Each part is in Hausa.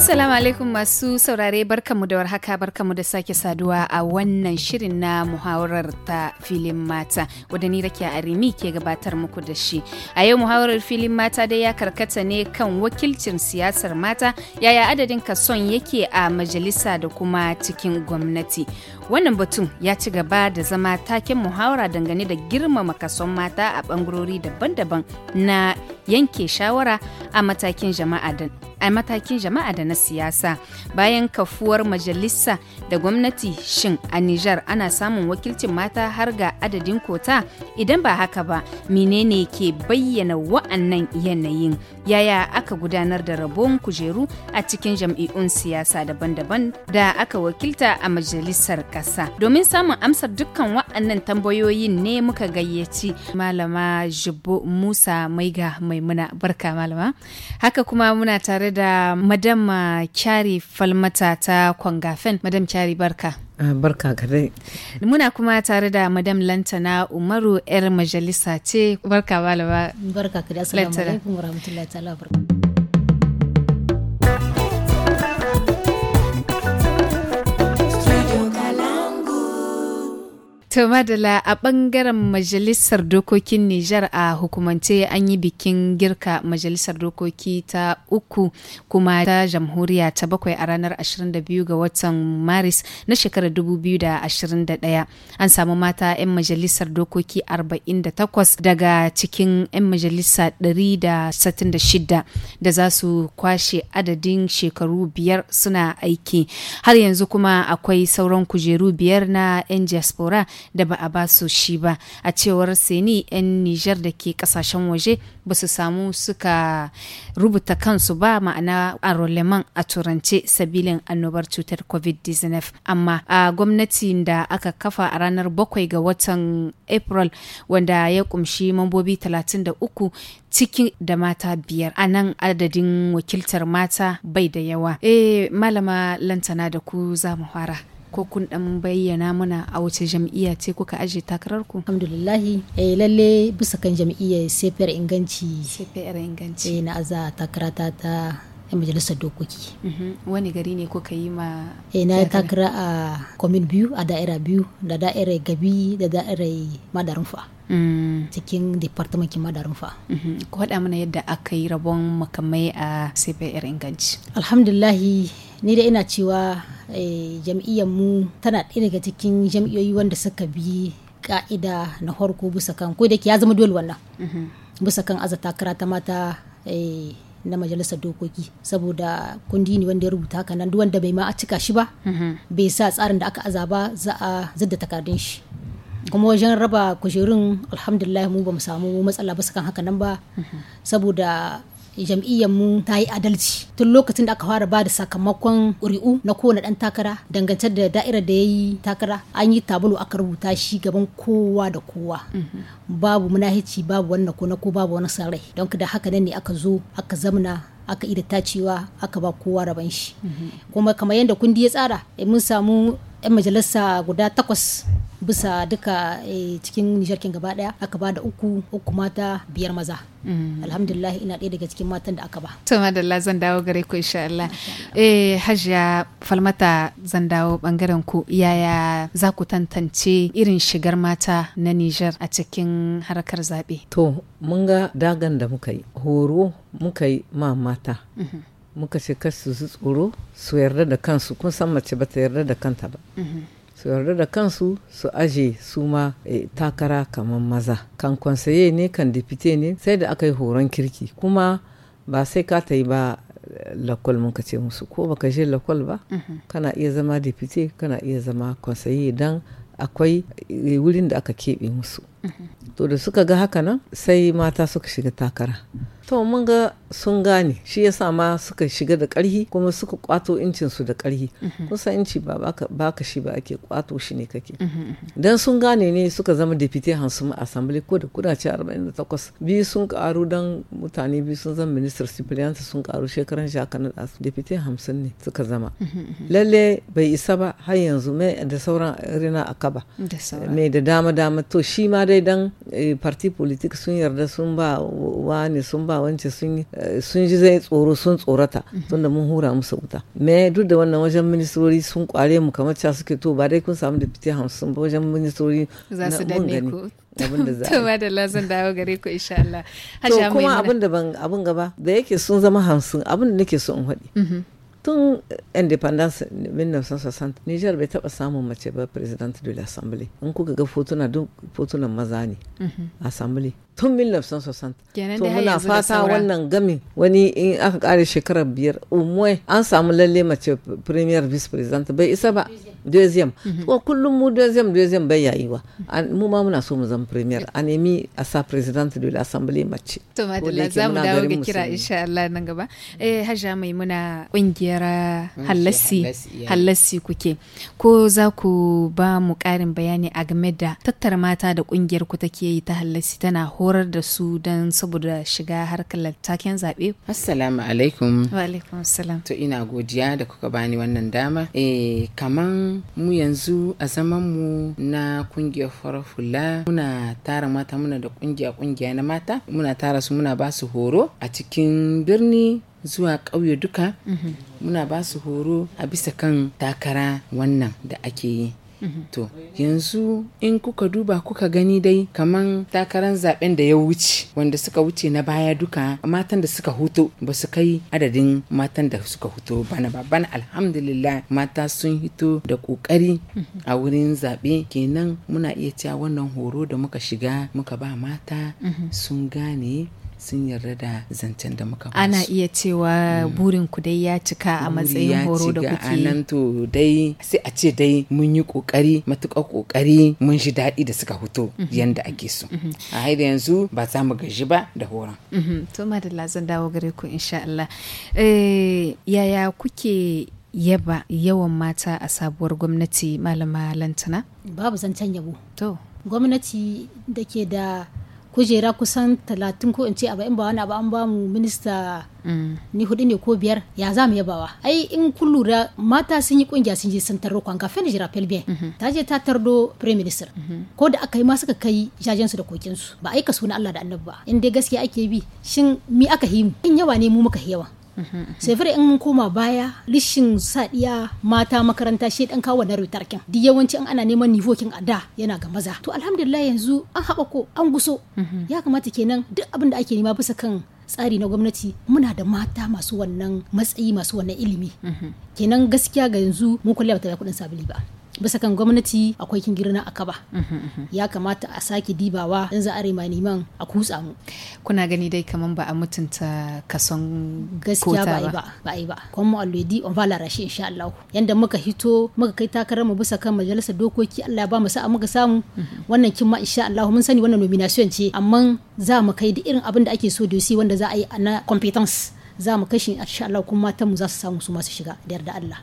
Assalamu alaikum masu saurare barkamu da warhaka barkamu da sake saduwa a wannan shirin na muhawarar ta filin mata wadda ni rakiya arimi ke gabatar muku da shi. A yau muhawarar filin mata dai ya karkata ne kan wakilcin siyasar mata yaya adadin kason yake a majalisa da kuma cikin gwamnati. Wannan batun ya ci gaba da zama taken muhawara dangane da girmama kason mata a bangarori daban-daban na yanke shawara a matakin jama'a da a matakin jama'a da na siyasa bayan kafuwar majalisa da gwamnati shin a Nijar ana samun wakilcin mata har ga adadin kota idan ba haka ba menene ke bayyana wa'annan yanayin yaya aka gudanar da rabon kujeru a cikin jam'i'un siyasa daban-daban da aka wakilta a majalisar ƙasa. kasa domin samun amsar dukkan wa'annan tambayoyin ne muka gayyaci malama jibbo musa maiga maimuna barka malama haka kuma muna tare da madam uh, kyari falmata ta kwangafen madam kyari barka uh, barka kare. muna kuma tare da madam lantana umaru 'yar majalisa ce barka malama barka kare. assalamu alaikum wa rahmatullahi ta'ala barka To Madala a bangaren Majalisar Dokokin Nijar a hukumance an yi bikin girka Majalisar Dokoki ta uku kuma ta jamhuriya ta bakwai a ranar 22 ga watan Maris na shekarar 2021. An samu mata 'yan Majalisar Dokoki 48 daga cikin 'yan Majalisa 166 da za su kwashe adadin shekaru biyar suna aiki. Har yanzu kuma akwai sauran kujeru biyar na 'yan diaspora da ba a ba su shi ba a cewar seni 'yan nijar da ke kasashen waje ba su samu suka rubuta kansu ba ma'ana aroleman a turance sabilin annobar cutar covid-19 amma a gwamnati da aka kafa a ranar 7 ga watan april wanda ya kumshi mambobi 33 cikin da mata biyar a nan adadin wakiltar mata bai da yawa eh malama lantana da ku za mu fara ko kun dan bayyana mana a wace jam'iyya ce kuka aje takarar ku alhamdulillahi eh lalle bisa kan jam'iyya sefer inganci sefer inganci eh na aza takarata ta yan majalisar dokoki. Mhm. Wani gari ne kuka yi ma? Eh na takara a komin biyu a da'ira biyu da da'irai gabi da da'irai madarin fa. Mm. Cikin departamen madarin fa. Mhm. Ku haɗa mana yadda aka yi rabon makamai a CPR inganci. Alhamdulillahi ni da ina cewa Eh, jam'iyyar mu tana ɗaya daga cikin jam'iyyoyi wanda suka bi ka'ida na farko bisa kan ko ya zama dole wannan mhm. bisa kan aza takara ta mata eh, na majalisar dokoki saboda kundi ne wanda ya rubuta haka nan duk wanda bai ma a cika shi ba mhm. bai sa tsarin da aka azaba ba za a zidda takardun shi kuma wajen raba kujerun alhamdulillah mu ba mu samu matsala ba kan haka nan ba mhm. saboda jam'iyyar mu ta yi adalci tun lokacin da aka fara ba da sakamakon ƙuri'u na kowane ɗan takara dangance da da'irar da ya yi takara an yi tabulu aka rubuta shi gaban kowa da kowa mm-hmm. babu munahici babu wannan ko na ko babu wani sarai don da haka nan ne aka zo aka zamna aka ida tacewa aka ba kowa raban shi mm-hmm. kuma kamar yadda kundi ya tsara eh, mun samu 'yan majalisa guda takwas bisa duka eh, cikin nisharkin gaba daya aka ba da uku uku mata biyar maza mm. alhamdulillah ina ɗaya daga cikin matan da aka ba to madalla zan dawo gare ku insha Allah eh hajiya falmata zan dawo bangaren ku yaya za ku tantance irin shigar mata na Nijar a cikin harkar zabe to mun ga dagan da muka yi horo muka yi ma mata mm-hmm. muka ce kasu su tsoro su yarda da kansu kun san mace ba ta yarda da kanta ba mm-hmm. su yarda da kansu su aje su ma e, takara kamar maza kan kwansaye ne kan dipite ne sai da aka yi horon kirki kuma ba sai ka ta yi ba e, lakwal mun ce musu ko baka je lakwal ba mm-hmm. kana iya zama dipite kana iya zama kwansaye dan akwai e, wurin da aka keɓe musu mm-hmm. to da suka ga haka nan sai mata suka shiga takara to mun ga sun gane shi yasa ma suka shiga da ƙarhi kuma suka kwato incinsu da ƙarhi mhm. kusa inci ba baka shi ba ake kwato shi ne kake mhm, mhm, dan sun gane ne suka zama deputy mu assembly ko da kudace 48 biyu sun karu dan mutane biyu sun zama minister civilian sun karu shekaran shakanar asu deputy hamsin ne suka zama lalle bai isa ba har yanzu mai da sauran rina a kaba mai da dama dama to shi ma dai dan eh, party politics sun yarda sun ba wani sun ba a wance eh, sun ji zai tsoro sun tsorata mhm. tunda mun hura musu wuta me duk da wannan wajen ministori sun kware mu kamar ca suke to ba dai kun samu da fiti hamsin ba wajen ministori za su danne ku abin da da lazan dawo gare ku insha Allah. To kuma abin da ban abin gaba da yake sun zama hamsin abin da nake so in haɗi. Mhm. tun independence 1960 niger bai taba samun mace ba president de l'assemblée in kuka ga fotuna duk fotunan maza ne mhm. assembly tun 1960 to muna fata wannan gami wani in aka kare shekarar biyar umwe an samu lalle mace premier vice president bai isa ba deuxième ko mhm. oh, kullum mu deuxième deuxième bai yayi wa mu ma muna so mu zama premier an emi a sa présidente de l'assemblée mace to madalla za mu dawo ga kira insha Allah nan gaba eh haja mai muna kungiyar halassi halassi kuke ko za ku ba mu karin bayani a game da tattar mata da kungiyar ku take yi ta halassi tana horar da su dan saboda shiga harkar taken zabe assalamu alaikum wa alaikum assalam to ina godiya da kuka bani wannan dama eh kaman mu yanzu a zaman mu na kungiyar farar hula muna tara mata muna da kungiya kungiya na mata muna tara su muna ba su horo a cikin birni zuwa ƙauye duka mhm. muna ba su horo a bisa kan takara wannan da ake yi Mm-hmm. to yanzu in kuka duba kuka gani dai kaman takaran zaben da ya wuce wanda suka wuce na baya duka matan da suka huto ba su kai adadin matan da suka huto bana ba alhamdulillah mata sun hito da kokari mm-hmm. a wurin zaɓe kenan muna iya cewa wannan horo da muka shiga muka ba mata mm-hmm. sun gane sun yarda da zancen da muka ana iya cewa mm. burin ku dai ya cika a matsayin horo da kuke yi nan to dai sai a ce dai mun yi kokari matuƙar kokari mun ji daɗi da suka fito mhm. yanda ake so mhm. a haida yanzu ba za mu gaji ba da horon mhm. to madalla zan dawo gare ku insha Allah eh, yaya kuke yaba yawan mata a sabuwar gwamnati malama lantana babu zancen yabo to gwamnati da ke da kujera kusan talatin ko in ce in ba wani abu an ba mu minista mm. ni hudu ne ko biyar ya za mu yabawa ai in kun lura mata sun yi kungiya sun je sun tarro kwan kafin jira pelbien mhm. ta je ta tardo prime minister mhm. ko da aka yi ma suka kai jajen su da kokin su ba aika suna Allah da annabi ba in dai gaskiya ake bi shin mi aka yi mu in yawa ne mu muka yawa sai fara in koma baya lishin sadiya mata makaranta shi dan kawo na rutarkin duk yawanci an ana neman nivokin a da yana ga maza to alhamdulillah yanzu an ko an guso ya kamata kenan duk abin da ake nema bisa kan tsari na gwamnati muna da mata masu wannan matsayi masu wannan ilimi kenan gaskiya ga yanzu mu kulle ta da kuɗin sabili ba bisa kan gwamnati akwai kin girna a kaba mhm, mhm. ya kamata a sake dibawa in za a rema neman a kutsa mu kuna gani dai kaman ba a mutunta kason gaskiya ba ba ba ba kuma already on vala rashi insha Allah yanda muka hito muka kai takarar mu bisa kan majalisar dokoki Allah ya ba mu sa'a muka samu mhm. wannan kin ma insha Allah mun sani wannan nomination ce amma za mu kai da irin abin da ake so da wanda za a yi na competence za mu kashe insha Allah kuma matan mu za su samu su masu shiga da yarda Allah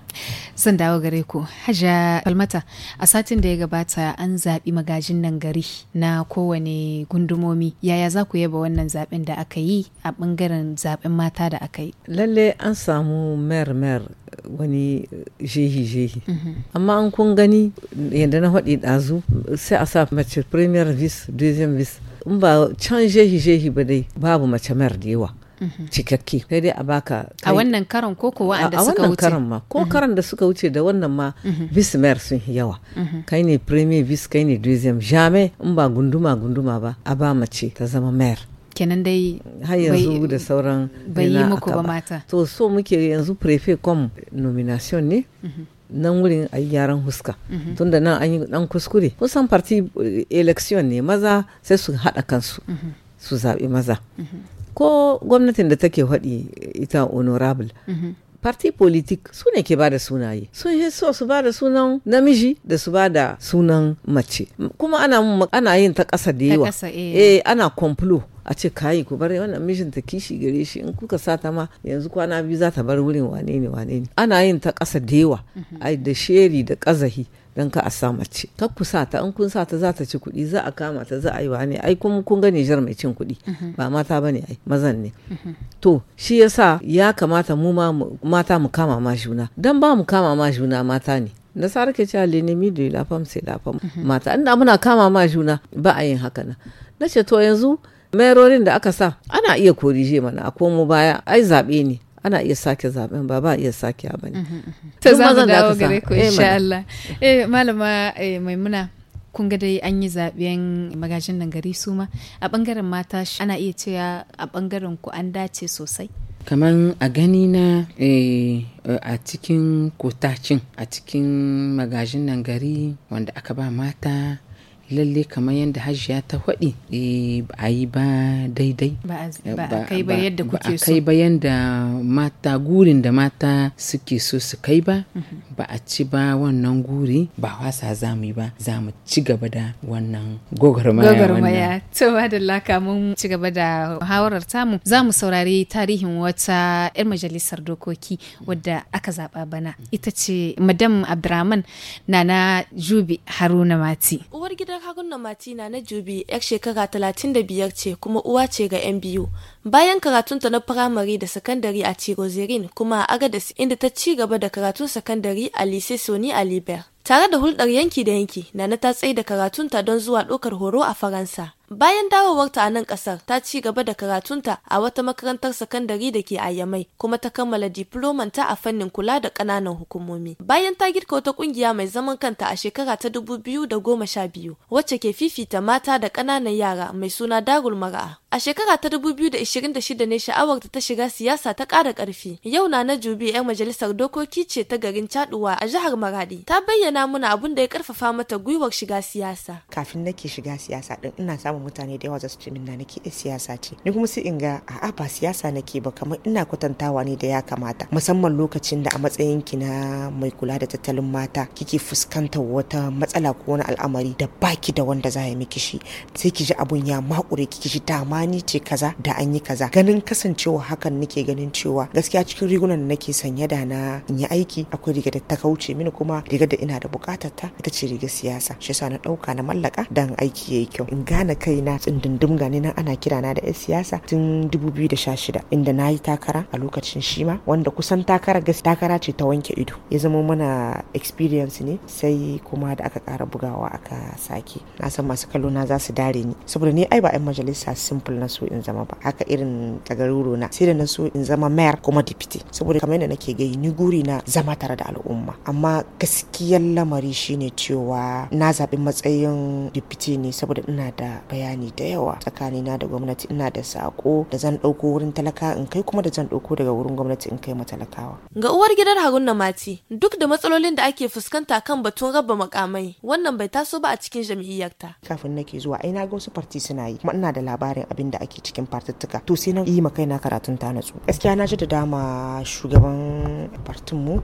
san dawo gare ku Hajja Falmata a satin da ya gabata an zaɓi magajin nan gari na kowane gundumomi yaya za ku yaba wannan zaɓen da aka yi a ɓangaren zaɓen mata da aka yi lalle an samu mer mer wani jehi jehi amma an kun gani yadda na faɗi ɗazu sai a sa mace premier vice deuxième vice in ba can jehi jehi ba dai babu mace mer da yawa Mhm. cikakke sai dai a baka a wannan karan ko ko wa'anda suka wuce wannan karan ma ko mhm. karan da suka wuce da wannan ma bismer mhm. sun yi yawa kai ne premier bis kai ne deuxième jamais in ba gunduma gunduma ba a ba mace ta zama mayor kenan dai har yanzu da sauran bai yi muku ba mata to so muke yanzu prefe com nomination ne nan wurin a yi yaran huska tunda nan an yi dan kuskure kusan parti eh, election ne maza sai su haɗa kansu su zaɓi maza ko gwamnatin da take haɗi ita honorable mhm. parti politik su ne ke ba da sunaye sun yi so su ba da sunan namiji da su ba da sunan mace kuma ana, yin ta ƙasa da yawa eh. eh ana complo a ce kayi ku bar wannan mijin ta kishi gare shi in kuka sata ma yanzu kwana biyu za ta bar wurin wane ne wane ne ana yin ta ƙasa da yawa mhm. da sheri da ƙazahi don ka a sa mace kar sa ta in kun sa ta za ta ci kuɗi za a kama ta za a yi wani ai kun kun ga Nijar mai cin kuɗi mhm. ba mata ba ne ai mazan ne mhm. to shi yasa ya kamata mu ma mata mu kama ma juna dan ba mu kama ma juna mata ne nasara ke cewa mi da lafam sai lafam mhm. mata inda muna kama ma juna ba a yin haka na na ce to yanzu merorin da aka sa ana iya korije mana a komo baya ai zaɓe ne ana iya sake zaben ba ba iya sake ba ne mhm, mhm. za mu dawo gare ku eh, insha Allah eh malama eh, maimuna kun ga dai an yi zaben magajin nan gari su ma a bangaren mata ana iya cewa a bangaren ku an dace sosai kamar a gani na eh, a cikin kotacin a cikin magajin nan gari wanda aka ba mata lalle kamar yadda hajiya ta faɗi eh, a yi ba daidai ba a kai ba yadda kuke so ba a kai ba yadda mata gurin da mata suke so su kai ba mhm. ba a ci ba wannan guri ba wasa za mu yi ba za mu ci gaba da wannan gogarmaya wannan to madalla kamun ci gaba da hawarar tamu za mu saurari tarihin wata 'yar majalisar dokoki wadda aka zaba bana ita ce madam abdurrahman nana jubi haruna mati uwar gida hagun Haruna Martina na Jubi, 'yar shekara 35 ce kuma uwa ce ga 'yan biyu. Bayan karatunta na firamare da sakandare a Tirozirin kuma a agadis inda ta ci gaba da karatun sakandare a Lycée a Alibert. Tare da hulɗar yanki da yanki, Nana ta tsaye da karatunta don zuwa ɗaukar horo a Faransa. Bayan dawowarta a nan kasar, ta ci gaba da karatunta a wata makarantar sakandare da ke a kuma ta kammala diplomanta a fannin kula da ƙananan hukumomi. Bayan ta girka wata ƙungiya mai zaman kanta a shekara ta dubu biyu da goma sha biyu, wacce ke fifita mata da ƙananan yara mai suna Darul Mara'a. A shekara ta dubu biyu da ishirin da shida ne sha'awar ta shiga siyasa ta ƙara ƙarfi. Yau na na Jubi 'yar majalisar dokoki ce ta garin Caduwa a jihar Maradi. Ta bayyana mana abin da ya karfafa mata gwiwar shiga siyasa. Kafin nake shiga siyasa din ina samun kama mutane da yawa za su ce min na nake da siyasa ce ni kuma sai in ga a'a ba siyasa nake ba kamar ina kwatantawa ne da ya kamata musamman lokacin da a matsayin ki na mai kula da tattalin mata kike fuskantar wata matsala ko wani al'amari da baki da wanda za ya miki shi sai ki ji abun ya makure ki ji dama ni ce kaza da an yi kaza ganin kasancewa hakan nake ganin cewa gaskiya cikin rigunan da nake sanye da na in yi aiki akwai riga da ta kauce mini kuma riga da ina da bukatar ta ita ce riga siyasa shi yasa na dauka na mallaka dan aiki yayi kyau in gane na tsindindim gani nan ana kirana da 'yan siyasa tun da 2016 inda na yi takara a lokacin shi ma wanda kusan takara gas takara ce ta wanke ido ya zama mana experience ne sai kuma da aka kara bugawa aka sake na san masu kallo na za su dare ni saboda ni ai ba 'yan majalisa simple na so in zama ba haka irin tagaruro na sai da na so in zama mayar kuma deputy saboda kamar yadda nake gai ni guri na zama tare da al'umma amma gaskiyar lamari shine cewa na zaɓi matsayin deputy ne saboda ina da bayani da yawa tsakanina da gwamnati ina da sako da zan ɗauko wurin talaka in kai kuma da zan ɗauko daga wurin gwamnati in kai ma talakawa. Ga uwar gidan Haruna Mati duk da matsalolin da ake fuskanta kan batun raba makamai wannan bai taso ba a cikin jam'iyyarta. Kafin nake zuwa ai na ga wasu farti suna yi kuma ina da labarin abin da ake cikin partituka to sai na yi ma kaina karatun ta natsu. Gaskiya na ji da dama shugaban fartinmu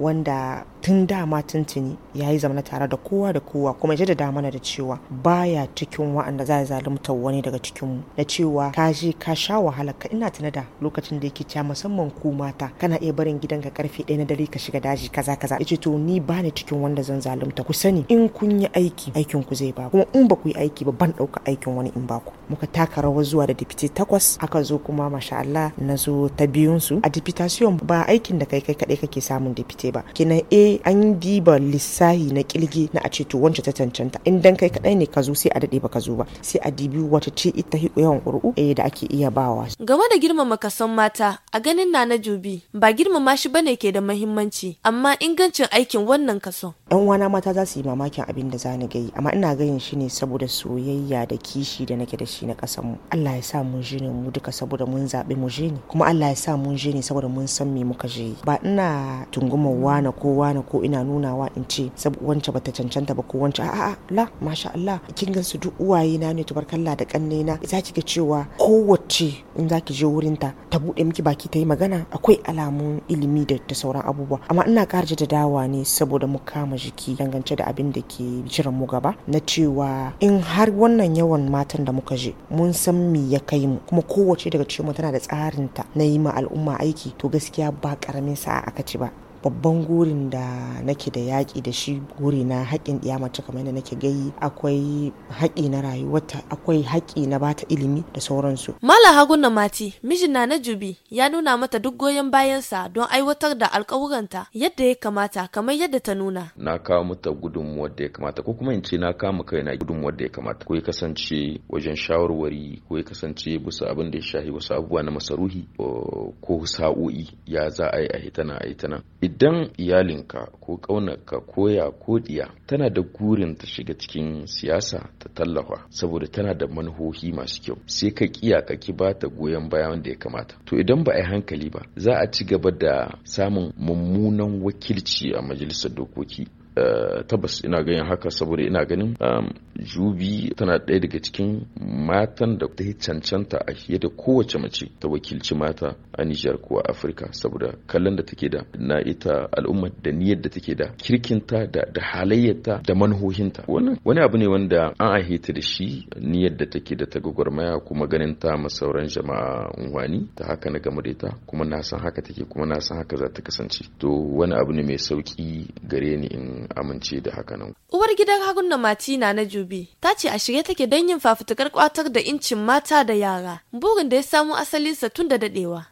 wanda tun dama tuntuni ya yi zamana tare da kowa da kowa kuma ya ji da dama da cewa baya cikin wa'anda za a zalumta wani daga cikin mu na cewa ka je ka sha wahala ka ina tuna da lokacin da yake cewa musamman ku mata kana iya barin gidan ka karfe ɗaya na dare ka shiga daji kaza kaza yace to ni ba ni cikin wanda zan zalunta ku sani in kun yi aiki aikin ku zai ba kuma in ba ku yi aiki ba ban ɗauka aikin wani in ba ku muka taka rawar zuwa da dipite takwas aka zo kuma masha Allah na zo ta biyun su a dipitation ba aikin da kai kai kadai kake samun dipite ba Kina a eh, an diba lissahi na kilge na a ce to wancan ta cancanta in dan kai kadai ne ka zo sai a daɗe ba ka zo ba sai a dibi wata ce ita yawan ƙuri'u eh, da ake iya bawa. Game da girmama kason mata a ganin na na jubi ba girmama shi bane ke da mahimmanci amma ingancin aikin wannan kason. Yan wana mata za su yi mamakin abin da zani gayi amma ina gayin shi ne saboda soyayya da kishi da nake da shi na kasanmu. Allah ya sa mun je ne mu duka saboda mun zaɓi mu je ne kuma Allah ya sa mun je ne saboda mun san me muka je. Ba ina tunguma wana ko wana ko ina nunawa in ce wance bata cancanta ba ko wance a'a la masha Allah kin gan su duk uwaye na ina ne tubarkalla da kanne na za ki ga cewa kowace in za ki je wurinta ta ta bude miki baki ta yi magana akwai alamun ilimi da ta sauran abubuwa amma ina ƙara da dawa ne saboda mu kama jiki dangance da abin da ke jiran mu gaba na cewa in har wannan yawan matan da muka je mun san me ya kai mu kuma kowace daga cikin mu tana da tsarinta na yi ma al'umma aiki to gaskiya ba karamin sa'a aka ci ba babban gurin da nake da yaƙi da shi guri na haƙƙin mace kamar yadda nake gayi akwai haƙƙi na rayuwarta akwai haƙƙi na bata ilimi da sauransu. Mala Haguna Mati mijin na na Jubi ya nuna mata duk goyon bayansa don aiwatar da alƙawuranta yadda ya kamata kamar yadda ta nuna. Na kawo mata gudunmuwar da ya kamata ko kuma in ce na kama kaina gudunmuwar da ya kamata ko ya kasance wajen shawarwari ko ya kasance bisa abin da ya shahi wasu abubuwa na masaruhi ko sa'o'i ya za a yi a hitana a hitana. idan iyalinka ko ƙaunarka ko ya ko diya tana da gurin ta shiga cikin siyasa ta tallafa saboda tana da manhohi masu kyau sai ka kiya ka ki ba ta goyon baya wanda ya kamata to idan ba a yi hankali ba za a ci gaba da samun mummunan wakilci a majalisar dokoki Eh, tabbas ina ganin haka saboda ina ganin um, jubi tana ɗaya daga cikin matan da ta cancanta a fiye da kowace mace ta wakilci mata a Nijar ko a Afirka saboda kallon da take da na ita al'ummar da niyyar da take da kirkinta da da halayyarta da manhohinta wani abu ne wanda an ahita da shi niyyar da take da ta gwagwarmaya kuma ganin ta ma sauran jama'a unwani ta haka na game da ita kuma na san haka take kuma na san haka za ta kasance to wani abu ne mai sauki gare ni in uwargidar amince da nan. Uwar gidan Haruna mati na na Jubi ta ce a shirye take don yin fafutukar kwatar da incin mata da yara burin da ya samu asalinsa tun da dadewa.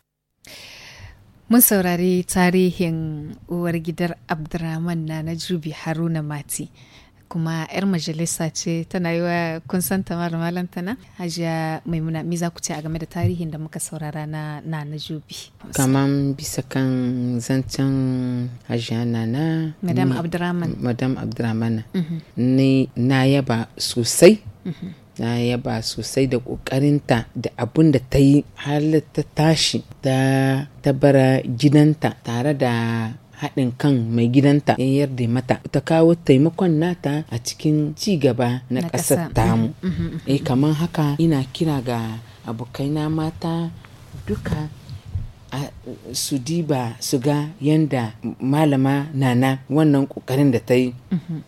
Mun saurari tarihin uwar gidar Abdurrahman na Jubi Haruna Mati. kuma 'yar majalisa ce tana yi wa kun san tamar malantana hajiya maimuna me za ku ce a game da tarihin da muka saurara na na na jubi kaman bisa kan zancen hajiya nana madam abdurrahman madam abdurrahman mhm. ne na yaba sosai mhm. na yaba sosai da kokarinta. da abun da ta yi halitta ta tashi ta tabara gidanta tare da haɗin kan mai gidanta ya yarda mata ta kawo taimakon nata a cikin ci gaba na ƙasar tamu mm-hmm, mm-hmm, mm-hmm. eh kamar haka ina kira ga abokaina mata duka a su diba su ga yanda malama nana wannan kokarin da ta yi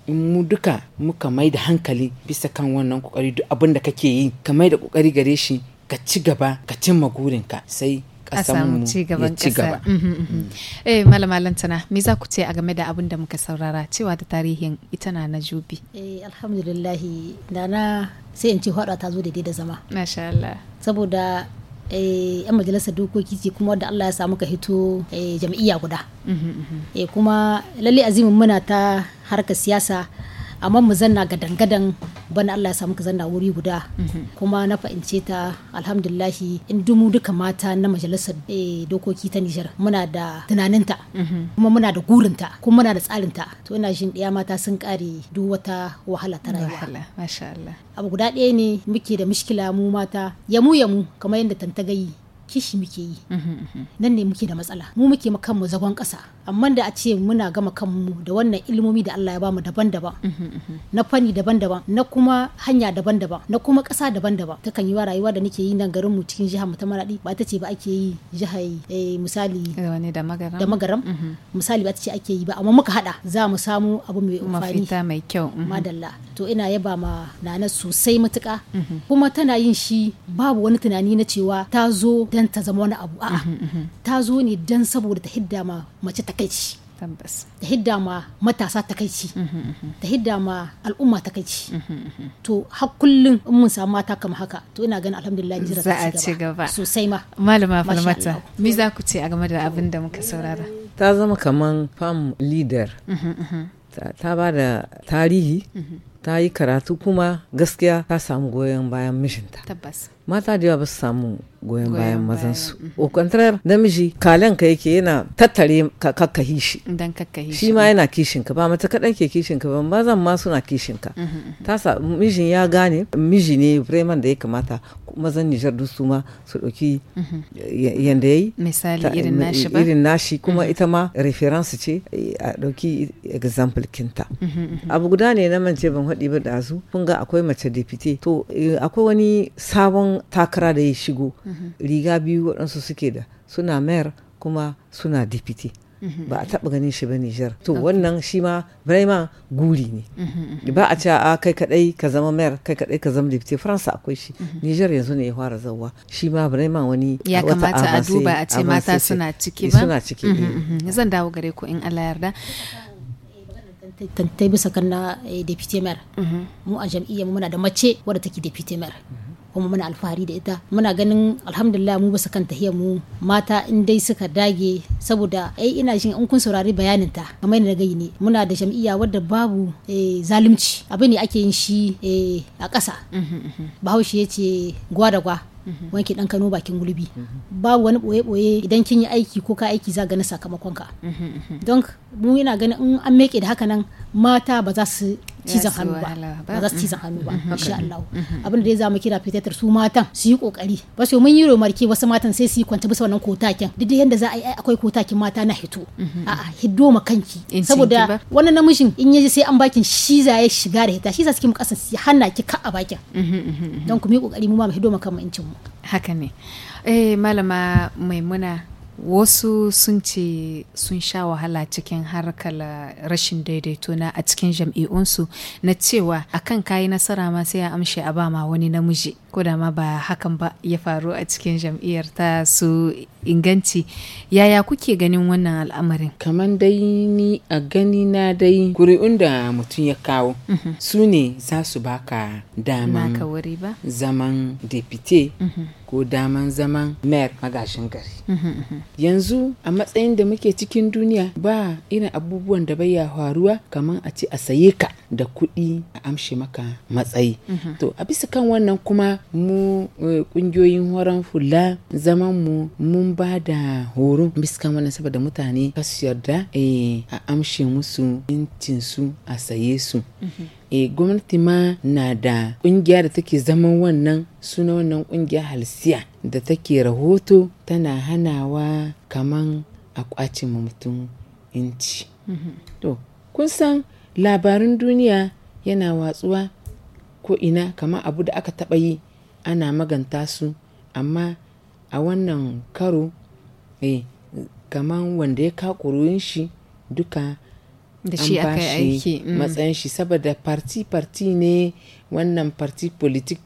in mu duka muka mai da hankali bisa kan wannan kokari duk abin da kake yi ka mai da kokari gare shi ka ci gaba ka cimma gurinka sai a ci mm-hmm, mm-hmm. Mm. eh lantana me za ku ce a game da abin da muka saurara cewa da tarihin ita na na jubi eh alhamdulillah da na sai in ce hada ta zo daidai da zama masha saboda eh, yan majalisar dokoki ce kuma wadda Allah ya samu ka hito eh, jam'iyya guda mm-hmm, eh, kuma lalle azimin muna ta harkar siyasa amma mu zanna gadan-gadan bana Allah ya samu ka zanna wuri guda mhm. kuma na fahimce ta alhamdulillahi in dumu duka mata na majalisar eh, dokoki ta Nijar muna da tunaninta mhm. kuma muna da gurinta kuma muna da tsarinta to ina jin ɗaya mata sun kare duk wata wahala ta rayuwa masha allah. abu guda ɗaya ne muke da mishkila mu mata yamu yamu kamar yadda tantagayi kishi muke yi mm-hmm, mm-hmm. nan ne muke da matsala mu muke kanmu zagon kasa. amma da a ce muna gama kanmu da wannan ilimomi da Allah ya bamu daban-daban mm-hmm, na fani daban-daban na kuma hanya daban-daban na kuma ƙasa daban-daban ta kan yi rayuwa da nake yi nan garin mu cikin jihar mu ta Maradi ba ta ce ba ake yi jihar eh, misali eh, da magaram misali ba ta ce ake yi ba amma muka haɗa. za mu samu abu mai amfani mafita mai kyau madalla to ina yaba ma nana sosai matuka kuma tana yin shi babu wani tunani na cewa ta zo don ta zama wani abu a'a mhm, mhm. ta zo ne dan saboda ta hidda ma mace takaici tabbas ta hidda ma matasa takaici mhm, ta hidda ma al'umma takaici to har kullum in mun samu mata kama haka to ina ganin alhamdulillah jira ta ci gaba sosai ma malama falmata me za ku ce a game da abin da muka saurara ta zama kaman fam leader ta ba da tarihi ta yi karatu kuma gaskiya ta samu goyon bayan mishinta tabbas mata da yawa ba su samu goyon bayan mazansu mm-hmm. au contraire namiji kalan ka yake yana tattare ka kakkahi shi dan shi ma yana kishin ka ba mata kadan ke kishin ka ba mazan ma suna kishin ka mm-hmm. ta sa mijin ya gane miji ne vraiment da ya kamata mazan Nijar duk su ma su dauki mm-hmm. yanda yayi misali irin eh, nashi ba irin nashi kuma ita ma reference ce a dauki example kinta abu guda ne na mance ban haɗi ba da su kun ga akwai mace deputy to eh, akwai wani sabon takara da ya shigo riga biyu waɗansu suke da suna mayar kuma suna dipiti ba a taɓa ganin shi ba Nijar. To wannan shi ma Bremen guri ne. Ba a ce a kai kaɗai ka zama mayar kai kaɗai ka zama dipte Faransa akwai shi. Nijar yanzu ne ya fara zauwa. Shi ma Bremen wani ya kamata a duba a ce mata suna ciki ba. Suna ciki. Zan dawo gare ku in Allah yarda. Tantai bisa kan na deputy mayor. Mu a jam'iyyar muna da mace wadda take deputy mayor. kuma muna alfahari da ita muna ganin alhamdulillah mu basu kan tahiyar mu mata in dai suka dage saboda ai eh, ina jin in kun saurari bayanin ta kamar da gai ne muna da jam'iyya wadda babu eh, zalunci abin ne ake yin shi eh, a ƙasa mhm, mhm. bahaushe ya ce gwa da mhm. wanke dan kano bakin gulbi babu wani boye-boye idan kin yi aiki ko ka aiki za gani sakamakon ka don mu yana ganin in an meke da haka nan mata ba za su cizon hannu ba ba za su cizon mm-hmm. hannu ba mm-hmm. insha Allah mm-hmm. abin da za zamu kira fitatar su matan su yi kokari ba su mun yi romarki wasu matan sai su yi kwanta bisa wannan kotakin duk yanda za a yi akwai kotakin mata na hito a hiddo ma kanki saboda wannan namijin in yaji sai an bakin shi za ya shiga da hita shi za su ki mu su hana ki ka a bakin don ku mi kokari mu ma hiddo ma kanmu cin mu haka ne eh malama maimuna wasu sun ce sun sha wahala cikin harkar rashin daidaito na a cikin jam'i'unsu na cewa akan kayi nasara ma sai ya amshe a bama wani namiji ko da ma ba hakan ba ya faru a cikin jam'iyyar ta su inganci yaya kuke ganin wannan al'amarin kamar dai ni a gani na dai kuri'un da mutum ya kawo mhm. su ne za su baka daman zaman depute mm ko daman zaman mayar magashin gari mhm, mhm. yanzu a matsayin da muke cikin duniya ba irin abubuwan da bai faruwa kaman a ce a saye ka da kuɗi a amshe maka matsayi to a bisa kan wannan kuma mu eh, ƙungiyoyin horon hula zaman mu mun ba da horo bisa kan wannan saboda mutane kasu yarda eh, a amshe musu su a saye su e gwamnati ma na da ƙungiya da take zaman wannan suna wannan kungiya halsiya da take rahoto tana hanawa kaman a kwace mutum inci mhm. to kun san Labarin duniya yana watsuwa ko'ina kamar abu da aka taɓa yi ana maganta su, amma a wannan karo, eh, kamar wanda ya kawo shi duka an ba shi mm. matsayin shi saboda parti-parti ne wannan parti politik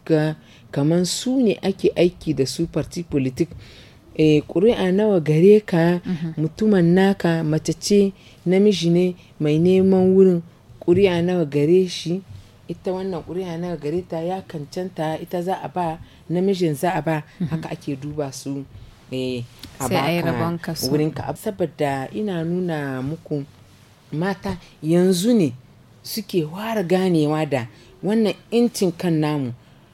kamar su ne ake aiki da su parti politik e, ƙuri'a nawa gare ka mm-hmm. mutumin naka mace ce namiji ne mai neman wurin ƙuri'a nawa gare shi ita wannan ƙuri'a nawa gare ta ya kancanta ita za a ba namijin za a ba mhm. haka ake duba su eh, a baka ka. saboda ina nuna muku mata yanzu ne suke ware ganewa da wannan incin kan namu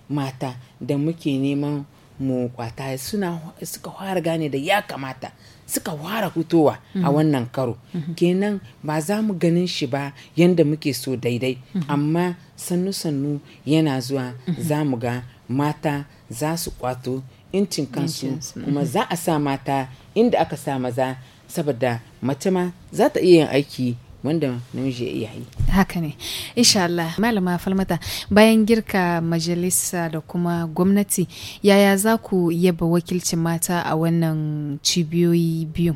mata da muke neman mu kwata suna suka fara gane da ya kamata suka wara fitowa a wannan karo kenan ba za mu ganin shi ba yadda muke so daidai amma sannu-sannu yana zuwa za mu ga mata za su kwato incin kansu kuma za a sa mata inda aka sa maza saboda mace ma za ta iya yin aiki wanda namiji ya iya yi haka ne insha Allah malama falmata bayan girka majalisa da kuma gwamnati yaya za ku yaba wakilcin mata a wannan cibiyoyi biyu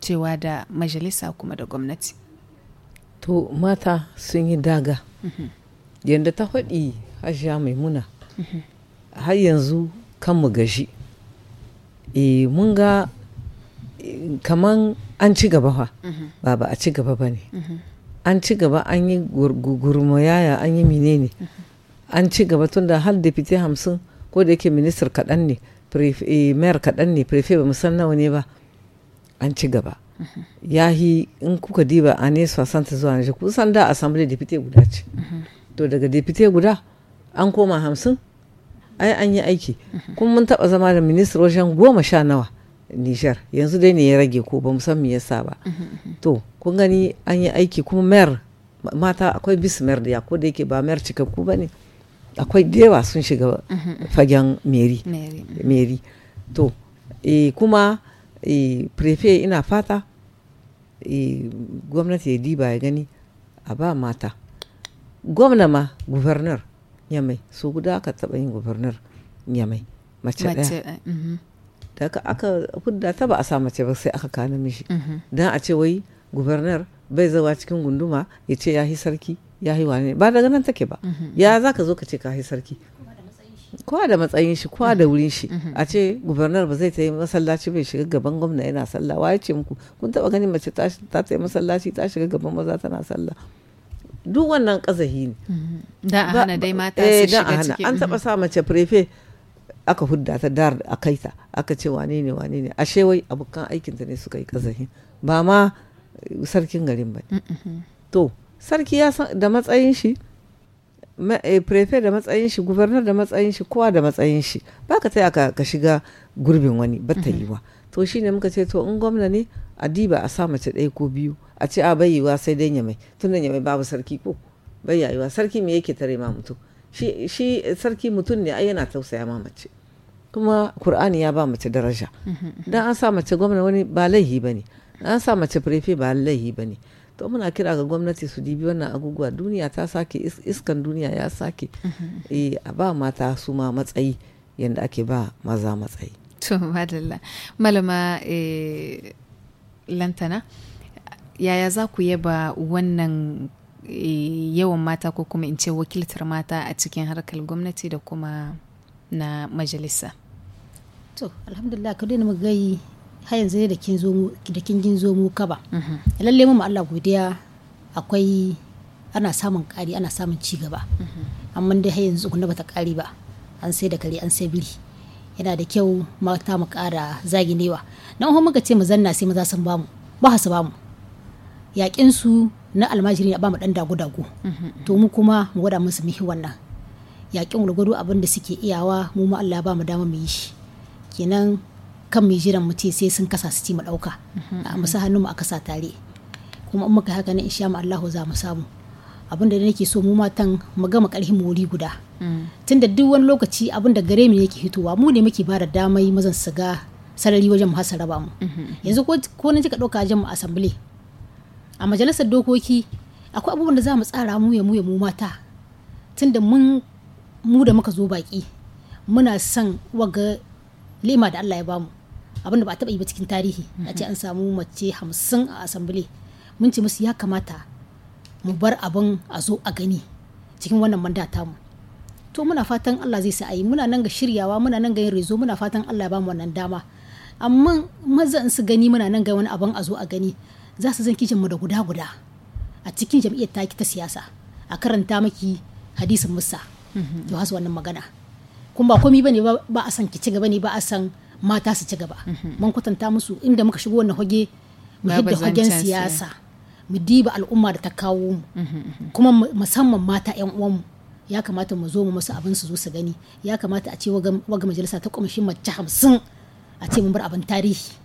cewa da majalisa kuma da gwamnati to mata sun yi daga mhm. yadda ta faɗi hajiya maimuna mhm. har yanzu kan mu gashi e mun ga kaman an ci gaba ba mhm. ba ba a ci gaba ba ne mhm. an ci gaba an yi gurmayaya an yi menene mhm. an ci gaba tun da har deputy hamsin ko da yake minister kaɗan ne eh, mayar kaɗan ne prefe ba san nawa ne ba an ci gaba ya yi in kuka diba a ne santa zuwa na kun san da assembly deputy guda ce to daga deputy guda an koma hamsin ai an yi aiki kuma mun taɓa zama da minister wajen goma sha nawa Nijar yanzu dai ne ya rage ko ba san me yasa ba to kun gani an yi aiki kuma mayar mata akwai bis mayar da ko da yake ba mayar cikakku ba ne akwai dewa sun shiga fagen meri meri mm. to e, kuma e, prefe ina fata e, gwamnati ya diba ya gani a ba mata gwamna ma gubernar yamai so guda aka taɓa yin gubernar yamai mace ɗaya mm-hmm. kaka aka hudda ta ba a sa mace ba sai aka kana mishi mhm. dan a ce wai gubernar bai zawa cikin gunduma ya ce ya yi sarki ya yi wane ba daga nan take ba mhm, mhm. ya za ka zo ka ce ka yi sarki kowa da matsayin shi kowa da wurin shi a ce gubernar ba zai ta yi masallaci bai shiga gaban gwamna yana sallah wa ya ce muku kun taba ganin mace ta ta yi masallaci ta shiga gaban maza tana sallah duk wannan kazahi ne da a hana dai mata eh, su shiga cikin an taba sa mace prefe aka hudda ta dar a kai ta aka ce wane ne wane ne ashe wai abokan aikinta ne suka yi kazahin ba ma eh, sarkin garin ba to sarki ya san da matsayin shi eh, prefe da matsayin shi gubernar da matsayin shi kowa da matsayin shi ba ka sai ka shiga gurbin wani ba ta mm-hmm. wa to shine muka ce to in gwamna ne a diba a sa mace ɗaya ko biyu a ce a bai sai dai nyamai tun da nyamai babu sarki ko bai sarki me yake tare ma mutum shi sarki mutum ne ai yana tausaya ma mace kuma Kur'ani ya ba mace daraja dan an sa mace gwamna wani ba laihi bane an sa mace prefe ba laihi bane to muna kira ga gwamnati su dibi wannan aguguwa duniya ta sake iskan duniya ya sake eh, a ba mata su ma matsayi yadda ake ba maza matsayi to madalla malama eh, lantana yaya za ku yaba wannan Eh, yawan mata ko kuma in ce wakiltar mata a cikin harkar gwamnati da kuma na majalisa to alhamdulillah ka daina magayi har yanzu da da kin gin zo mu kaba mhm. lalle mu Allah godiya akwai ana samun kari ana samun ci gaba mhm. amma dai har yanzu kuna bata kari ba an sai da kare an sai biri yana da kyau mata mu ƙara zaginewa na ho muka ce mu zanna sai maza sun bamu ba su bamu yakin su na almajiri ya ba mu dan dagu dagu mhm, to mu kuma mu gwada musu mihi wannan yaƙin gwargwado abin da suke iyawa mu ma Allah ba mu dama mu yi shi kenan kan mai jiran mu ce sai sun kasa su ci mu dauka a mhm, musu hannu mu mhm. aka sa tare kuma in muka haka ne insha Allah za mu samu abin da nake so mu matan mu gama karhi wuri guda mm. tun da duk wani lokaci abin da gare mu yake hitowa mu ne muke ba da damai mazan su ga sarari wajen mu hasara ba mu yanzu ko na ji ka dauka jama'a assembly a majalisar dokoki akwai abubuwan da za mu tsara mu ya mu ya mu mata tunda mun mu da muka zo baki muna son waga lema da Allah ya bamu abin da ba a taba yi ba cikin tarihi a ce an samu mace hamsin a assembly mun ce musu ya kamata mu bar abin a zo a gani cikin wannan mandata mu to muna fatan Allah zai sa ayi muna nan ga shiryawa muna nan ga yin rezo muna fatan Allah ya bamu wannan dama amma maza su gani muna nan ga wani abin a zo a gani za su zan kijin mu da guda guda a cikin jam'iyyar taki ta siyasa a karanta maki hadisin musa mhm. to hasu wannan magana kuma ba komai bane ba a san ki ci gaba ne ba a san mata su ci gaba mhm. mun kwatanta musu inda muka shigo wannan hoge mu hidda hogen siyasa mu diba al'umma da ta kawo mu mhm, kuma musamman mata yan uwanmu ya kamata mu zo mu masu abin su zo su gani ya kamata a ce waga majalisa ta kwamishin mace hamsin a ce mun bar abin tarihi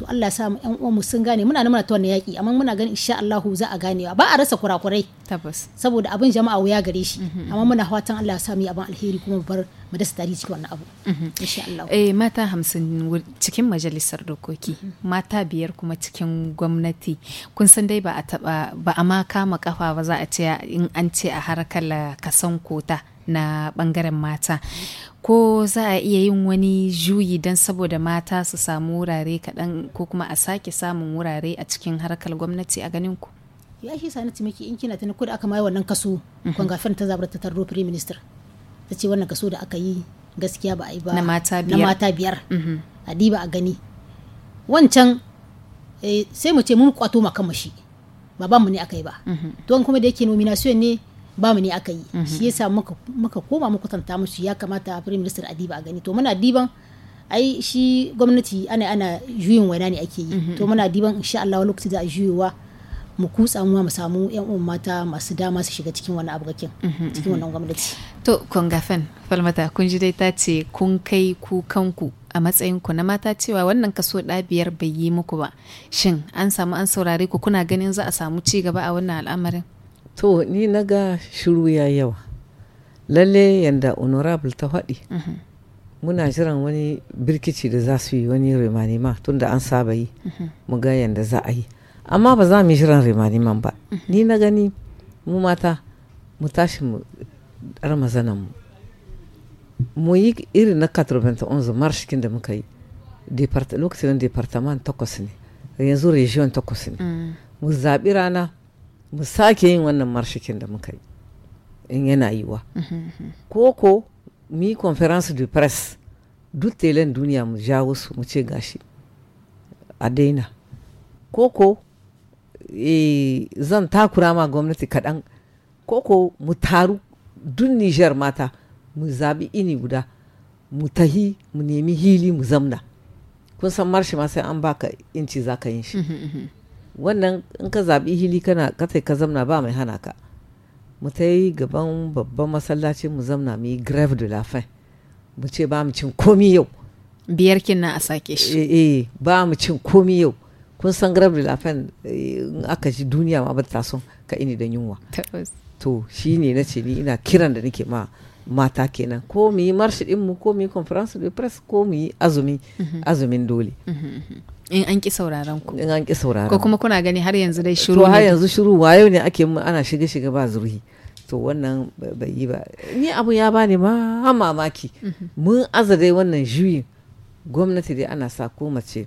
to Allah sa mu uwa uwanmu sun gane muna nan muna ta wannan yaki amma muna ganin insha Allah za a gane ba a rasa kurakurai tabbas saboda abin jama'a wuya gare shi mhm, mhm. amma muna fatan Allah ya sa mu abin alheri kuma bar mu da tsari cikin wannan abu mhm. insha Allah eh mata 50 cikin majalisar dokoki mata biyar kuma cikin gwamnati kun san dai ba a taba ba a ma kama kafa ba za a ce in an ce a harkar kasan kota na bangaren mata ko za a iya yin wani juyi don saboda mata su samu wurare kaɗan ko kuma a sake samun wurare a cikin harkar gwamnati a ganin ku ya shi sani miki in kina tana ko da aka mai wannan kaso mhm. kwangafin ta zabar ta tarro prime minister ta ce wannan kaso da aka yi gaskiya ba a yi ba na mata biyar mhm. a diba a gani wancan eh, sai mu ce mun kwato makan mashi ba ba mu ne aka yi ba mhm. to kuma da yake nominasiyon ne ba mu ne aka yi mhm. shi yasa muka koma muka tanta musu ya kamata prime minister a a gani to muna diban ai shi gwamnati ana ana juyin waina ne ake yi mhm. to muna diban insha Allah lokaci za a juyowa mu kutsa mu mu samu yan uwan mata masu dama su shiga cikin wani abokin mhm, cikin wannan gwamnati to kongafen falmata kun ji dai ta ce kun kai ku kanku a matsayin ku na mata cewa wannan kaso ɗabiyar bai yi muku ba shin an samu an saurare ku kuna ganin za a samu ci gaba a wannan al'amarin to ni na ga shiru ya yawa lalle yanda honorable ta faɗi mhm. muna jiran wani birkici da za su yi wani remanima tun da an saba yi mhm. mu ga yanda za a yi amma ba za mu jiran remaniman ba mhm. ni na gani mu mata mu tashi mu mazanan mu mu yi irin na 91 marshikin da muka yi lokacin departement takwas ne yanzu region takwas ne mm. mu zaɓi rana mu sake yin wannan marshikin da muka yi in yana yiwa ko ko conference de press duk telen duniya mu jawo su mu ce gashi a daina koko e, eh, zan takura ma gwamnati kaɗan koko mu taru duk nijar mata mu zaɓi ini guda mu tahi mu nemi hili mu zamna kun san marshi ma sai an baka inci za ka yin shi mhm, mhm. wannan in ka zaɓi hili kana ka ka zamna ba mai hana ka mu ta yi gaban babban masallacin mu zamna mu yi grave de la fin mu ce ba mu cin komi yau biyar na a sake shi eh, eh ba mu cin komi yau kun san grave de la fin eh, in aka ji duniya ma ba ta son ka ini da yunwa to shine na ce ni ina kiran da nake ma mata kenan ko mu yi marshi ɗinmu ko mu yi conference de presse ko mu yi azumi mhm. azumin dole mhm, mhm. in an ki sauraron ku in an ki sauraron ko kuma kuna gani har yanzu dai shiru har yanzu shiru wayo ne ake mun ana shige shige ba zurhi to wannan bai yi ba ni abu ya bani ma mamaki mhm. mun azare wannan juyi gwamnati dai ana sa ko mace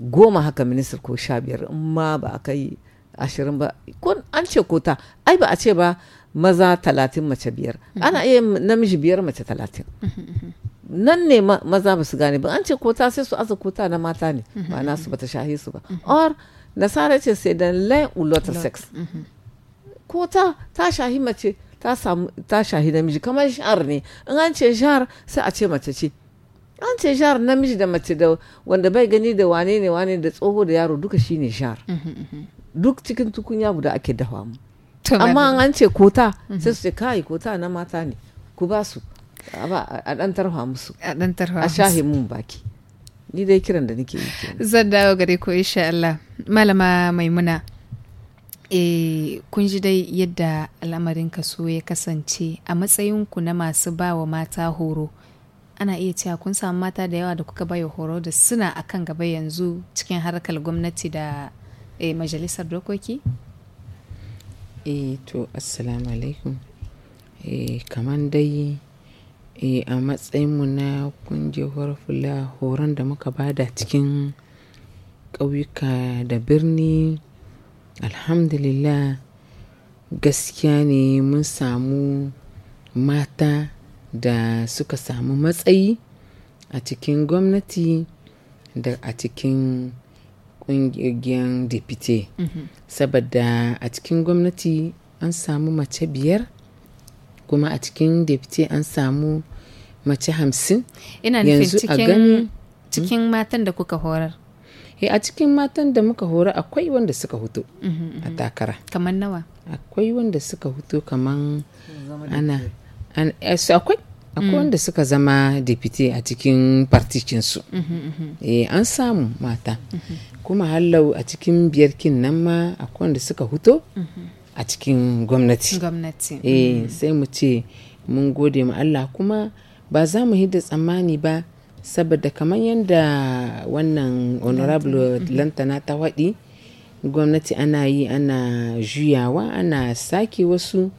goma haka minister ko sha biyar in ma ba a kai ashirin ba ko an ce kota ai ba a ce ba maza talatin mace biyar mhm. ana iya namiji biyar mace talatin mhm, nan ne maza ba su gane ba an ce kota sai su aza kota na mata ne ba mhm. nasu ba ta shahi su ba mhm. or nasara ce sai dan lai ulota sex mhm. kota ta shahi mace ta samu ta shahi namiji kamar shahar ne in an ce shahar sai a ce mace ce an ce shahar namiji da mace da wanda bai gani da wane ne wane da tsoho da yaro duka shine shahar duk cikin tukunya guda ake dafa mu amma an ce kota sai su ce kai kota na mata ne ku ba su a dan tarha a dan tarha a shahi mun baki ni dai kiran da nake yi zan dawo gare ku insha Allah malama maimuna e kun ji dai yadda al'amarin kaso ya kasance a matsayinku na masu ba wa mata horo ana iya cewa kun samu mata da yawa da kuka bayo horo da suna a kan gaba yanzu cikin harkar gwamnati da e, majalisar dokoki? e to assalamu alaikum e, kaman dai Eh a matsayinmu na ƙungiyar hula horon da muka bada cikin ƙauyuka da birni alhamdulillah gaskiya ne mun samu mata da suka samu matsayi a cikin gwamnati da a cikin ƙungiyar dipite mm-hmm. saboda a cikin gwamnati an samu mace biyar kuma a cikin deputy an samu mace hamsin ina yanzu a hmm? cikin matan da kuka horar he a cikin matan da muka horar akwai wanda suka hutu mm-hmm, a mm-hmm. takara kamar nawa akwai wanda suka hutu kamar ana eh, akwai akwai mm. wanda suka zama deputy a cikin partikinsu mm-hmm, eh an samu mata kuma hallau a cikin biyarkin nan ma akwai wanda suka hoto a cikin gwamnati gwamnati eh mm. sai mu ce mun gode ma Allah kuma ba za mu hidda tsammani ba saboda kamar yadda wannan honorable lantana mm-hmm. ta waɗi gwamnati ana yi ana juyawa ana sake wasu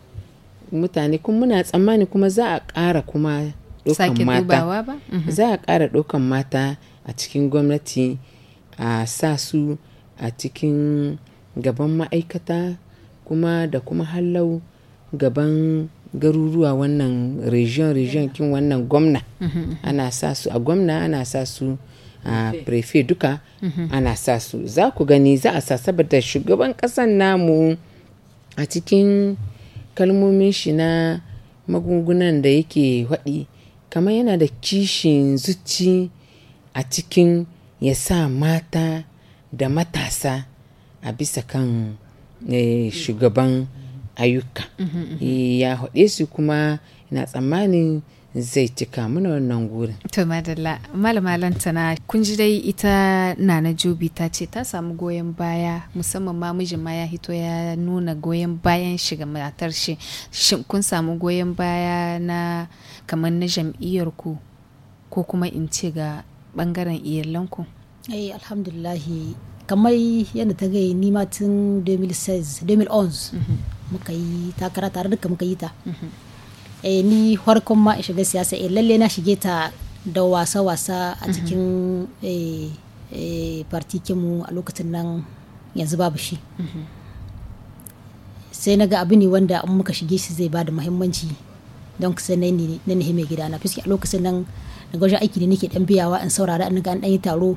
mutane kuma muna tsammani kuma za a ƙara kuma ɗaukan mata mm-hmm. za a ƙara ɗaukan mata a cikin gwamnati a sa su a cikin gaban ma'aikata kuma da kuma hallau gaban garuruwa wannan region region kin wannan gwamna mm-hmm, mm-hmm. ana sa su a gwamna ana sa su a prefe duka mm-hmm. ana sa su za ku gani za a sa saboda shugaban kasan namu a cikin kalmomin shi na magungunan da yake haɗi kamar yana da kishin zuci a cikin ya sa mata da matasa a bisa kan shugaban ayyuka ya haɗe su kuma ina tsammanin zai cika mana wannan gurin. To madalla malama lantana kun ji dai ita na na jobi ta ce ta samu goyon baya musamman ma mijin ma ya hito ya nuna goyon bayan shiga matar shi kun samu goyon baya na kamar na jam'iyyar ku ko kuma in ce ga bangaren iyalanku. Eh alhamdulillahi kamar yadda ta gai nima tun 2011 mhm. muka yi takara tare duka muka yi ta mhm. eh, ni farkon ma in shiga siyasa eh lalle na shige ta da wasa-wasa a mhm. cikin eh, eh, partikinmu a lokacin nan yanzu babu shi sai na ga abu ne wanda an muka shige shi zai ba da muhimmanci don kusa na ne na mai gida na fiske a lokacin nan na gwajin aiki ne nake dan biyawa in saurara in ga an yi taro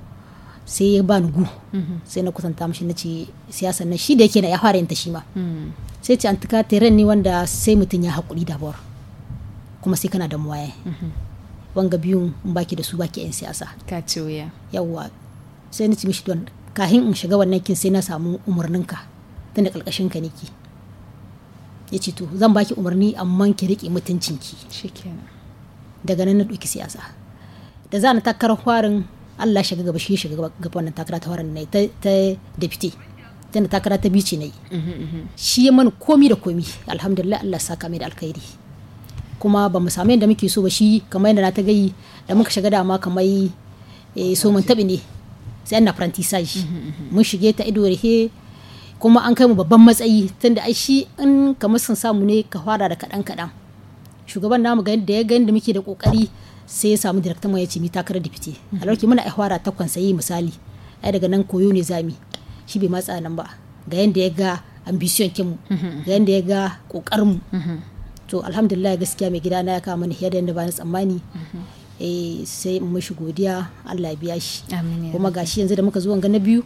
sai ya ba ni gu mhm. sai na kusanta mashi na ce siyasa nan shi da yake na ya fara yanta shi ma hmm. sai ce an tuka teren ne wanda sai mutum ya haƙuri da bawar kuma sai kana da muwaye mhm. wanga biyun in baki da su baki yan siyasa ka ce wuya yawwa sai na ce mishi don kahin in shiga wannan kin sai na samu umarnin ka tunda ƙarƙashin ka nake ya ce to zan baki umarni amma ki riƙe mutuncinki daga nan na ɗauki siyasa da za na takarar kwarin. Allah shiga gaba shi shiga gaba wannan takara ta waran ne ta deputy tana takara ta biyu ce mhm, mhm. shi ya mana komi da komi alhamdulillah Allah saka mai da alkhairi kuma ba mu samu yadda muke so ba shi kamar yadda na ta gayi da muka shiga dama kamar eh, so mun taɓi ne sai an apprentissage mhm, mun shige ta ido rehe kuma an kai mu babban matsayi tunda ai shi in kamar sun samu ne ka fara da kaɗan kaɗan shugaban namu ga yadda ya ga yadda muke da ƙoƙari sai ya samu director mu ya ce mi da fice a lokacin muna ihwara ta kwansayi misali ai daga nan koyo ne zami shi bai matsa nan ba ga yanda ya ga ambition mu ga yanda ya ga kokarin mu to alhamdulillah gaskiya mai gida na ya kama ni yadda yadda ba ni tsammani eh sai mu mishi godiya Allah ya biya shi kuma gashi yanzu da muka zuwa ga na biyu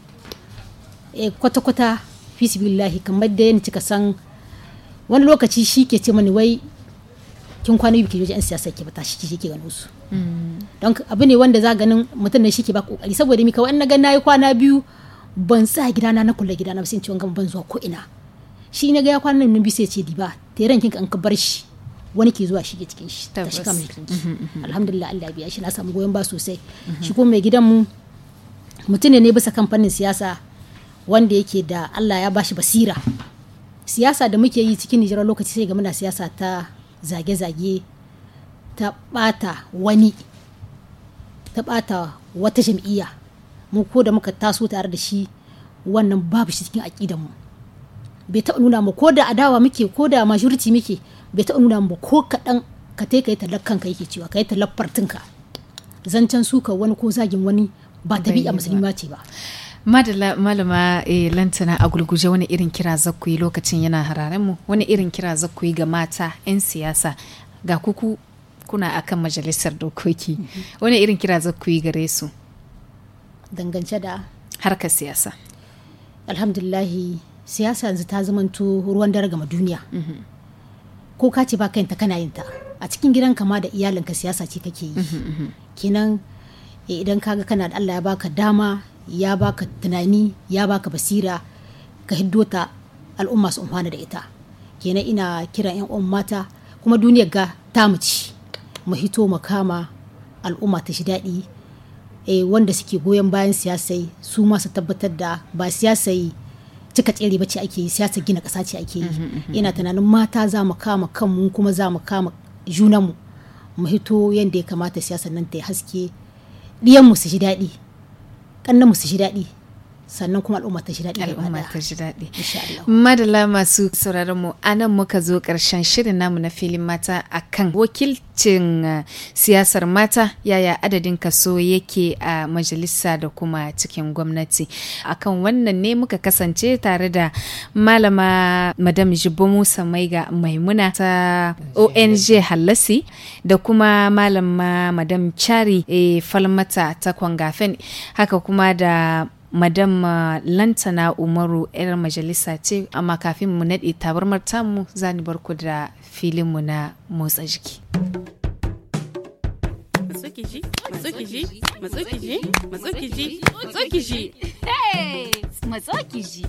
eh kwata kwata fi kamar da yanda cika san wani lokaci shi ke ce mani wai kin kwana biyu ki je yan siyasa ki bata shi ki gano su mm. don abu ne wanda za ganin mutum ne shi ke ba kokari saboda mi kawai na ga nayi kwana biyu ban sa gida na kula gida na sai ciwon gama ban zuwa ko ina shi ne ga ya kwana nan biyu sai ce ba teren kinka an ka bar shi wani ke zuwa shige cikin shi ta shi mai mm-hmm, kinki mm-hmm. alhamdulillah Allah biya shi na samu goyon ba sosai mm-hmm. shi kuma mai gidan mu mutum ne bisa kamfanin siyasa wanda yake da Allah ya bashi basira siyasa da muke yi cikin Nijar lokaci sai ga muna siyasa ta zage-zage ta ɓata wani ta ɓata wata jam'iyya mu ko da muka taso tare da shi wannan babu shi cikin aƙidanmu bai taɓa nuna mu ko da adawa muke ko da majority muke bai taɓa nuna mu ko kaɗan ka tai ka yi talakkan ka yake cewa ka yi talaffar tinka zancen suka wani ko zagin wani ba tabi'a musulma ce ba madala malama e, lantana a gulguje wani irin kira zakku yi lokacin yana hararen mu wani irin kira zakku yi ga mata 'yan siyasa ga kuku kuna akan majalisar dokoki mm-hmm. wani irin kira zakku yi gare su dangance da harkar siyasa alhamdulillahi siyasa yanzu ta zamanto ruwan dare gama duniya mm-hmm. ko ka ce ba kayanta kana yin ta a cikin gidan kama da iyalinka siyasa ce kake yi mm-hmm, kenan eh, idan kaga kana da Allah ya baka dama ya baka tunani ya baka basira ka hiddo ta al'umma su umfana da ita kenan ina kira yan uwan mata kuma duniyar ga ta mu ci mu hito mu kama al'umma ta shi daɗi eh, wanda suke goyon bayan siyasai su ma su tabbatar da ba siyasai cika tsere bace ake yi siyasar gina ƙasa ce ake yi mm-hmm, mm-hmm. ina tunanin mata za mu kama kanmu kuma za mu kama junanmu mu hito yadda ya kamata siyasar nan ta yi haske mu su shi daɗi kan na musu shi daɗi sannan kuma al'umma ta ji daɗi al'umma ta ji daɗi madala masu sauraron mu anan muka zo ƙarshen shirin namu na filin mata akan wakilcin eh, siyasar mata yaya adadin kaso yake a majalisa da kuma cikin gwamnati akan wannan ne muka kasance tare da malama madam jibbo musa maiga maimuna ta ong hallasi da kuma malama madam chari eh, falmata ta kwangafen haka kuma da madam uh, lantana umaru 'yar majalisa ce amma kafin mu naɗe tabarmar tamu za ni barku da filin mu na motsa jiki matsukiji matsukiji matsukiji matsukiji matsukiji matsukiji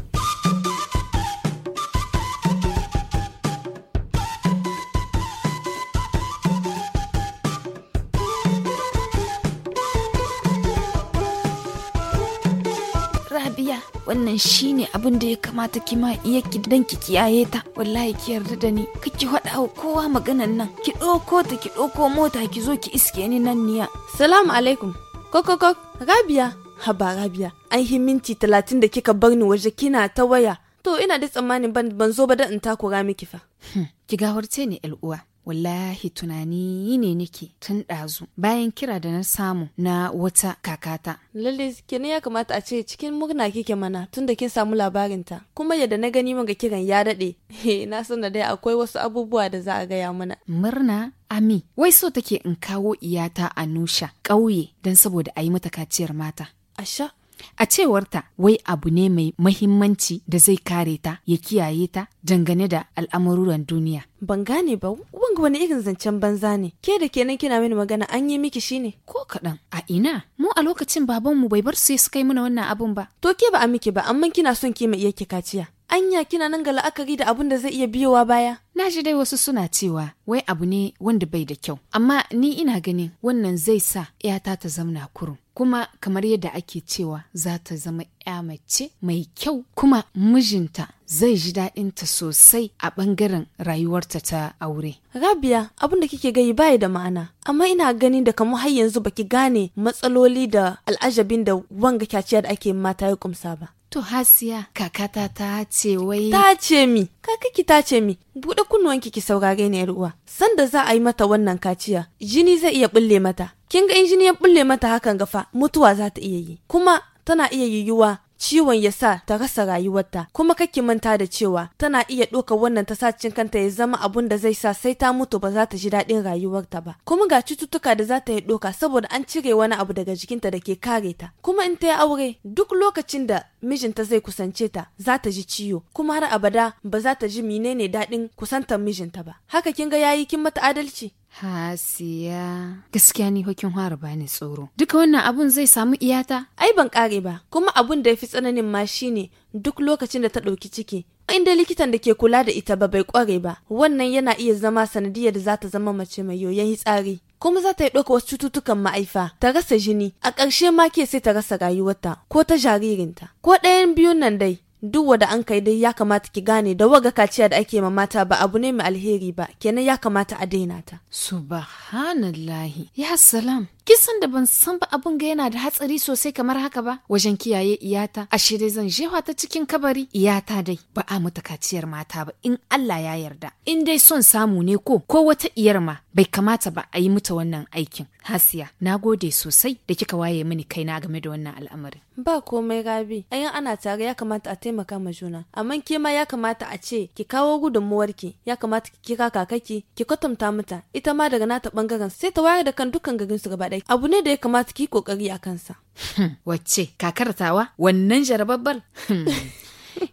Rabia, wannan shine abin da ya kamata ki ma iya ki dan ki kiyaye ta. Wallahi ki yarda da ni, kike faɗa wa kowa maganan nan. Ki ɗauko ta ki ɗauko mota ki zo ki iske ni nan niya. Salamu alaikum. kokoko rabiya haba Rabia, an yi minti talatin da kika bar ni waje kina ta waya. To ina da tsammanin ban zo ba da in takura miki fa. Hmm, ki gawarce ni 'yar uwa. wallahi tunani ne nake tun ɗazu bayan kira da na samu na wata kakata. Lalle ke ya kamata a ce cikin murna kike mana tun da kin samu labarinta kuma yadda na gani ga kiran ya daɗe eh, na san da dai akwai wasu abubuwa da za a gaya mana. Murna Ami, wai so take in kawo iyata a Nusha ƙauye don saboda a yi mata kaciyar mata. Asha, A cewarta wai abu ne mai mahimmanci da zai kare ta ya kiyaye ta dangane da al'amuran duniya. Ban gane ba, wanga wani irin zancen banza ne, ke da kenan kina mini magana an yi miki shi ne. Ko kaɗan, a ina, mu a lokacin babanmu bai bar su suka yi mana wannan abun ba. To ke ba a miki ba, amma kina son ki mai iya kaciya. Anya kina nan ga la'akari da abun da zai iya biyowa baya? Na ji dai wasu suna cewa wai abu ne wanda bai da kyau, amma ni ina ganin wannan zai sa ‘yata ta zamna kurum. Kuma kamar yadda ake cewa za ta zama ‘ya mace mai kyau kuma mijinta zai ji daɗinta sosai a ɓangaren rayuwarta ta aure. Rabia abin da kike gayi baya da ma'ana, amma ina ganin da kamu har yanzu baki gane matsaloli da al'ajabin da wanga kyaciya da ake mata ya kumsa ba. To Hasiya, kakata ta ce wai. Ta ce mi, kakaki ta ce mi, buɗe kunnuwanki ki saurare ni yar uwa. Sanda za a yi mata wannan kaciya, jini zai iya bulle mata. Kin ga in jini ya bulle mata hakan gafa, mutuwa za ta iya yi. Kuma tana iya yiwuwa ciwon ya sa ta rasa rayuwarta kuma kake manta da cewa tana iya ɗauka wannan ta sacin kanta ya zama abun da zai sa sai ta mutu ba za ta ji daɗin rayuwarta ba kuma ga cututtuka da za ta yi ɗoka saboda an cire wani abu daga jikinta da ke kare ta kuma in ta yi aure duk lokacin da mijinta zai kusance ta za ta ji ciwo kuma har abada ba za ta ji menene daɗin kusantar mijinta ba haka kin ga yayi kin mata adalci Hasiya. Gaskiya ni hokin hara bani tsoro. Duka wannan abun zai samu iyata? Ai ban kare ba, kuma abun da ya fi tsananin ma ne duk lokacin da ta ɗauki ciki. Inda likitan da ke kula da ita ba bai kware ba, wannan yana iya zama sanadiyar da za ta zama mace mai yoyon tsari. kuma za ta yi ɗauka wasu cututtukan ma'aifa ta rasa jini a ƙarshe ma ke sai ta rasa rayuwarta ko ta jaririnta ko ɗayan biyun nan dai duk wanda an kai dai ya kamata ki gane da waga kaciya da ake ma mata ba abu ne mai alheri ba kenan ya kamata a daina ta subhanallahi ya salam kisan da ban san ba abun ga yana da hatsari sosai kamar haka ba wajen kiyaye iyata a dai zan jefa ta cikin kabari iyata dai ba a mutu kaciyar mata ba in Allah ya yarda in dai son samu ne ko ko wata iyar ma bai kamata ba a yi mata wannan aikin hasiya na gode sosai da kika waye mini na game da wannan al'amarin ba komai rabi ayan ana tare ya kamata a taimaka ma juna amma ke ma ya kamata a ce ki kawo gudunmuwarki ya kamata ki kira kakaki ki kwatanta mata ita ma daga nata bangaren sai ta wayar da kan dukkan garin su gaba ɗaya abu ne da ya kamata ki kokari a kansa hmm, wacce kakar tawa wannan jarababbal hmm.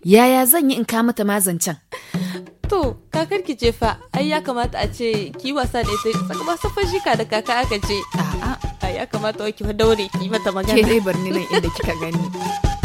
yaya zan yi in ka mata mazancan to kakar ki jefa fa ai ya kamata a ce ki wasa da ita tsaka ba safar shika da kaka aka ce a'a ya kamata ki daure ki mata magana ke dai barni nan inda kika gani